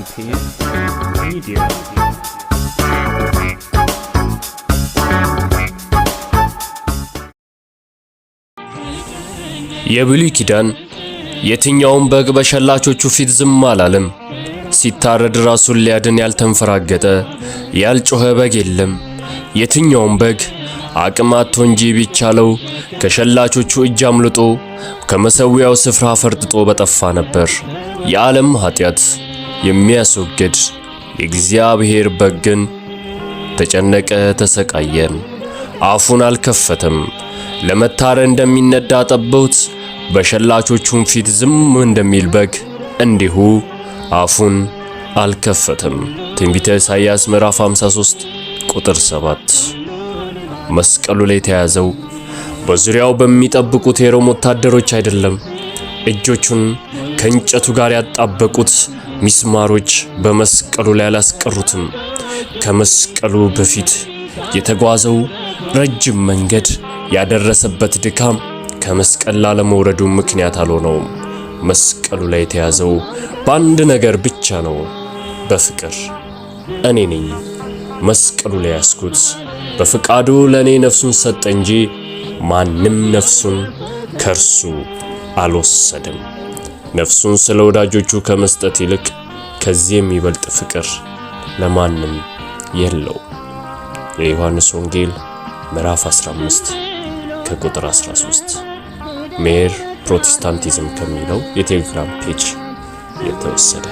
welcome Media. የብሉይ ኪዳን የትኛውም በግ በሸላቾቹ ፊት ዝም አላለም። ሲታረድ ራሱን ሊያድን ያልተንፈራገጠ ያልጮኸ በግ የለም። የትኛውም በግ አቅም አጥቶ እንጂ ቢቻለው ከሸላቾቹ እጅ አምልጦ ከመሠዊያው ስፍራ ፈርጥጦ በጠፋ ነበር። የዓለም ኃጢአት የሚያስወግድ የእግዚአብሔር በግ ግን ተጨነቀ፣ ተሰቃየ፣ አፉን አልከፈተም። ለመታረ እንደሚነዳ ጠቦት በሸላቾቹም ፊት ዝም እንደሚል በግ እንዲሁ አፉን አልከፈተም። ትንቢተ ኢሳይያስ ምዕራፍ 53 ቁጥር 7። መስቀሉ ላይ የተያዘው በዙሪያው በሚጠብቁት የሮም ወታደሮች አይደለም። እጆቹን ከእንጨቱ ጋር ያጣበቁት ሚስማሮች በመስቀሉ ላይ አላስቀሩትም። ከመስቀሉ በፊት የተጓዘው ረጅም መንገድ ያደረሰበት ድካም ከመስቀል ላለመውረዱ ምክንያት አልሆነውም። መስቀሉ ላይ የተያዘው በአንድ ነገር ብቻ ነው፣ በፍቅር። እኔ ነኝ መስቀሉ ላይ ያስኩት። በፍቃዱ ለእኔ ነፍሱን ሰጠ እንጂ ማንም ነፍሱን ከርሱ አልወሰድም። ነፍሱን ስለ ወዳጆቹ ከመስጠት ይልቅ ከዚህ የሚበልጥ ፍቅር ለማንም የለው። የዮሐንስ ወንጌል ምዕራፍ 15 ከቁጥር 13 ሜር ፕሮቴስታንቲዝም ከሚለው የቴሌግራም ፔጅ የተወሰደ